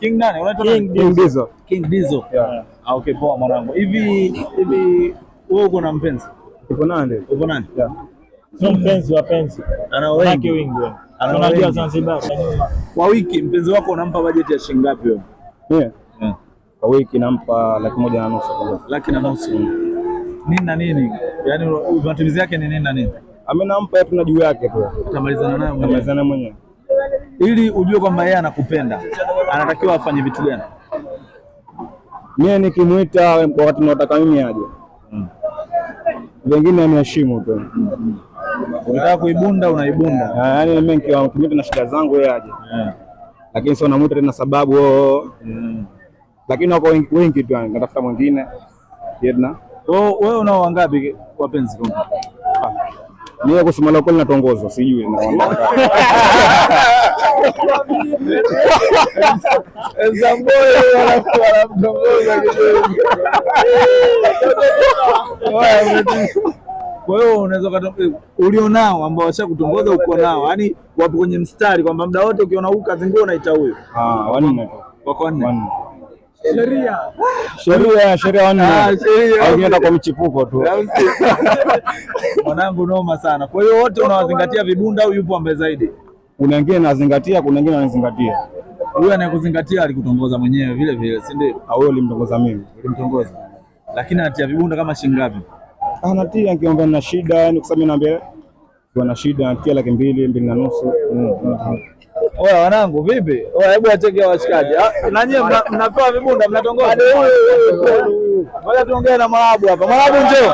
King nani? Unaitwa King King Diesel. King Diesel. Yeah. Ah, okay, poa mwanangu. Hivi hivi wewe uko na mpenzi? Uko nani? Uko nani? Yeah. Sio mpenzi wa penzi. Ana wengi wengi. Anajua Zanzibar. Kwa wiki mpenzi wako unampa bajeti ya shilingi ngapi wewe? Yeah. Yeah. Kwa wiki nampa laki moja na nusu. Laki na nusu. Nini na nini? Yaani matumizi yake ni nini na nini? Amenampa hapo na juu yake tu. Atamalizana naye mwenyewe. Atamalizana mwenyewe ili ujue kwamba yeye anakupenda, anatakiwa afanye vitu gani? Mimi nikimwita wakati nataka mimi aje, mm. wengine aniheshimu tu. ukitaka kuibunda, unaibunda. Ah, yaani mimi nikimwita na shida zangu yeye aje, lakini sio namwita tena sababu, oh, oh. Mm. lakini wako wengi tu, natafuta mwingine tena. Oh, wewe unao wangapi wapenzi? Ah. Niwe kusema la kweli natongozwa, sijui kwa hiyo unaweza eh, ulionao ambao washa kutongoza uko nao, yaani wapo kwenye mstari kwamba muda wote ukiona huyu kazingia unaita huyo ah, wako wanne sheria sheria nne ah, ukienda kwa mchipuko tu mwanangu, noma sana. Kwa hiyo wote unawazingatia vibunda au yupo ambaye zaidi? Kuna wengine nazingatia, kuna wengine wanazingatia. Huyu anayekuzingatia alikutongoza mwenyewe vile vile, si ndio? Au ah, wewe ulimtongoza? Mimi ulimtongoza, lakini anatia vibunda kama shingapi? Ah, anatia nikiomba na shida, yani kusema nambia kwa na shida anatia laki mbili mbili na nusu mm, mm. Oya wanangu, vipi? Oya, hebu acheke washikaji. Ah, na nyie mnapewa vibunda, mnatongoza. Ngoja tuongee na Mwarabu hapa. Mwarabu njoo.